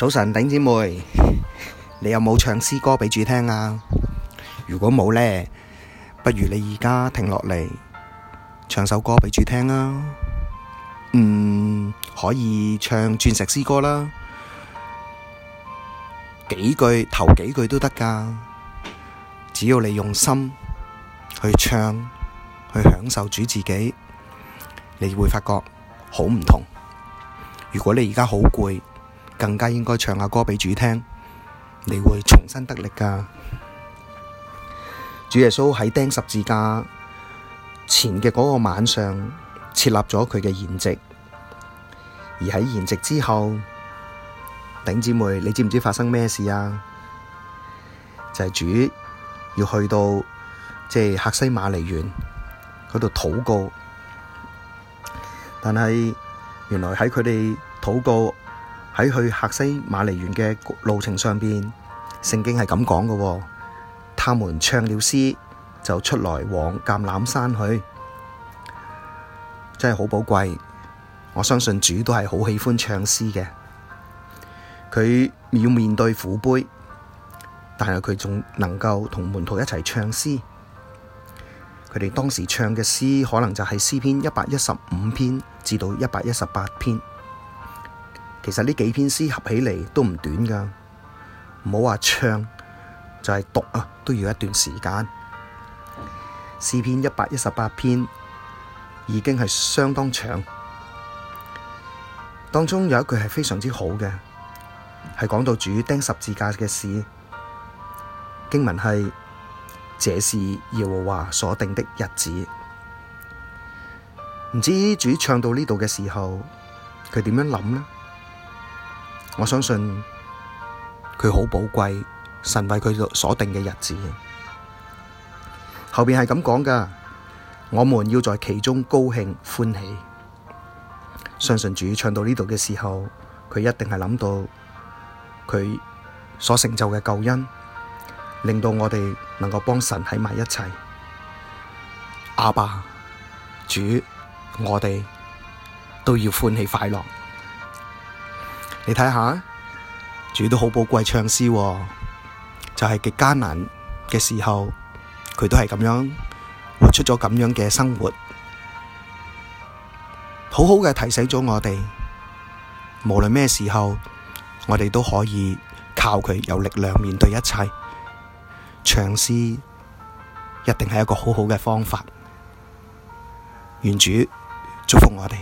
早晨，頂姐妹，你有冇唱詩歌畀主聽啊？如果冇咧，不如你而家停落嚟，唱首歌畀主聽啊。嗯，可以唱鑽石詩歌啦，幾句頭幾句都得噶，只要你用心去唱，去享受主自己，你會發覺好唔同。如果你而家好攰，更加應該唱下歌畀主聽，你會重新得力㗎。主耶穌喺釘十字架前嘅嗰個晚上設立咗佢嘅筵席，而喺筵席之後，頂姊妹，你知唔知發生咩事啊？就係、是、主要去到即係客西馬尼園嗰度禱告，但係原來喺佢哋禱告喺去客西馬尼園嘅路程上邊，聖經係咁講嘅，他們唱了詩，就出來往橄欖山去，真係好寶貴。我相信主都係好喜歡唱詩嘅，佢要面對苦杯，但係佢仲能夠同門徒一齊唱詩。佢哋當時唱嘅詩可能就係詩篇一百一十五篇至到一百一十八篇。其實呢幾篇詩合起嚟都唔短噶，唔好話唱，就係、是、讀啊，都要一段時間。詩篇一百一十八篇已經係相當長，當中有一句係非常之好嘅，係講到主釘十字架嘅事。經文係：這是耶和華所定的日子。唔知主唱到呢度嘅時候，佢點樣諗呢？我相信佢好寶貴，神為佢所定嘅日子。後邊係咁講噶，我們要在其中高興歡喜。相信主唱到呢度嘅時候，佢一定係諗到佢所成就嘅救恩，令到我哋能夠幫神喺埋一齊。阿爸，主，我哋都要歡喜快樂。你睇下，主都好寶貴，唱詩喎就係極艱難嘅時候，佢都係咁樣活出咗咁樣嘅生活，好好嘅提醒咗我哋，無論咩時候，我哋都可以靠佢有力量面對一切，唱詩一定係一個好好嘅方法。願主祝福我哋。